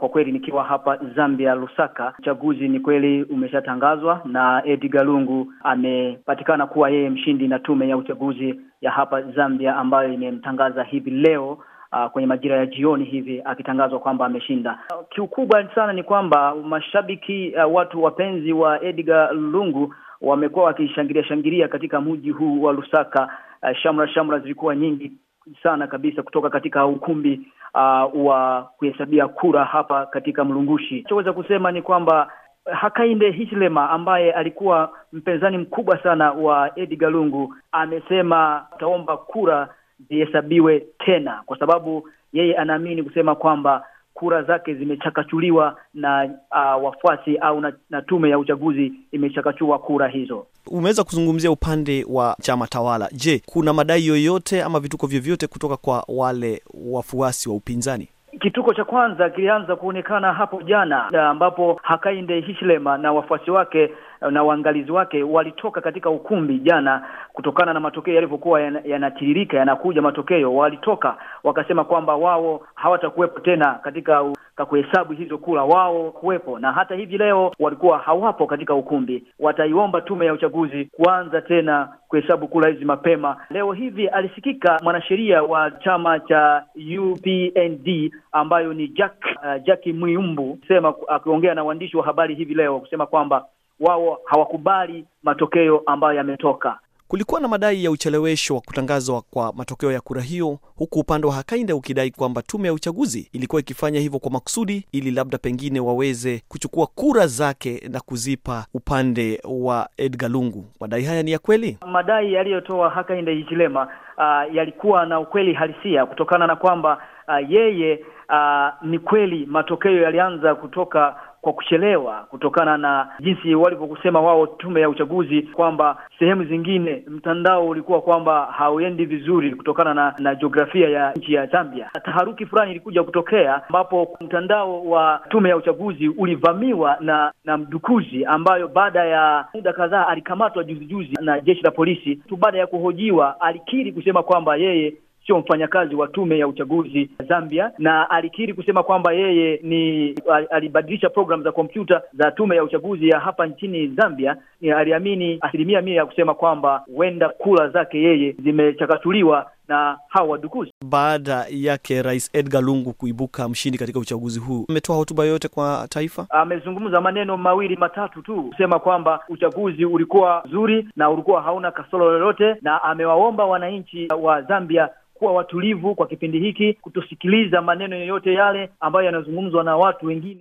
kwa kweli nikiwa hapa Zambia, Lusaka, uchaguzi ni kweli umeshatangazwa na Edgar Lungu amepatikana kuwa yeye mshindi na tume ya uchaguzi ya hapa Zambia ambayo imemtangaza hivi leo Uh, kwenye majira ya jioni hivi akitangazwa kwamba ameshinda. Uh, kiukubwa sana ni kwamba mashabiki uh, watu wapenzi wa Edgar Lungu wamekuwa wakishangilia shangilia katika mji huu wa Lusaka. Uh, shamra shamra zilikuwa nyingi sana kabisa kutoka katika ukumbi uh, wa kuhesabia kura hapa katika Mlungushi. Choweza kusema ni kwamba eh, Hakainde Hichilema ambaye alikuwa mpinzani mkubwa sana wa Edgar Lungu amesema ataomba kura zihesabiwe tena, kwa sababu yeye anaamini kusema kwamba kura zake zimechakachuliwa na uh, wafuasi au na, na tume ya uchaguzi imechakachua kura hizo. Umeweza kuzungumzia upande wa chama tawala. Je, kuna madai yoyote ama vituko vyovyote kutoka kwa wale wafuasi wa upinzani? Kituko cha kwanza kilianza kuonekana hapo jana, ambapo Hakainde Hichilema na wafuasi wake na waangalizi wake walitoka katika ukumbi jana, kutokana na matokeo yalivyokuwa yanatiririka, yanakuja matokeo, walitoka wakasema kwamba wao hawatakuwepo tena katika katika kuhesabu hizo kura wao kuwepo, na hata hivi leo walikuwa hawapo katika ukumbi. Wataiomba tume ya uchaguzi kuanza tena kuhesabu kura hizi mapema. Leo hivi alisikika mwanasheria wa chama cha UPND ambayo ni Jack uh, Jack Mwiumbu sema akiongea na waandishi wa habari hivi leo kusema kwamba wao hawakubali matokeo ambayo yametoka Kulikuwa na madai ya uchelewesho wa kutangazwa kwa matokeo ya kura hiyo, huku upande wa Hakainde ukidai kwamba tume ya uchaguzi ilikuwa ikifanya hivyo kwa makusudi ili labda pengine waweze kuchukua kura zake na kuzipa upande wa Edgar Lungu. Madai haya ni ya kweli? Madai yaliyotoa Hakainde Hichilema uh, yalikuwa na ukweli halisia kutokana na kwamba uh, yeye uh, ni kweli matokeo yalianza kutoka kwa kuchelewa kutokana na jinsi walivyokusema wao tume ya uchaguzi kwamba sehemu zingine mtandao ulikuwa kwamba hauendi vizuri kutokana na, na jiografia ya nchi ya Zambia. Taharuki fulani ilikuja kutokea ambapo mtandao wa tume ya uchaguzi ulivamiwa na na mdukuzi, ambayo baada ya muda kadhaa alikamatwa juzi juzi na jeshi la polisi tu. Baada ya kuhojiwa alikiri kusema kwamba yeye sio mfanyakazi wa tume ya uchaguzi Zambia, na alikiri kusema kwamba yeye ni alibadilisha programu za kompyuta za tume ya uchaguzi ya hapa nchini Zambia. Aliamini asilimia mia ya kusema kwamba huenda kura zake yeye zimechakatuliwa na hawa wadukuzi. Baada yake Rais Edgar Lungu kuibuka mshindi katika uchaguzi huu, ametoa hotuba yoyote kwa taifa. Amezungumza maneno mawili matatu tu kusema kwamba uchaguzi ulikuwa zuri na ulikuwa hauna kasoro lolote, na amewaomba wananchi wa Zambia kuwa watulivu kwa kipindi hiki, kutosikiliza maneno yoyote yale ambayo yanazungumzwa na watu wengine.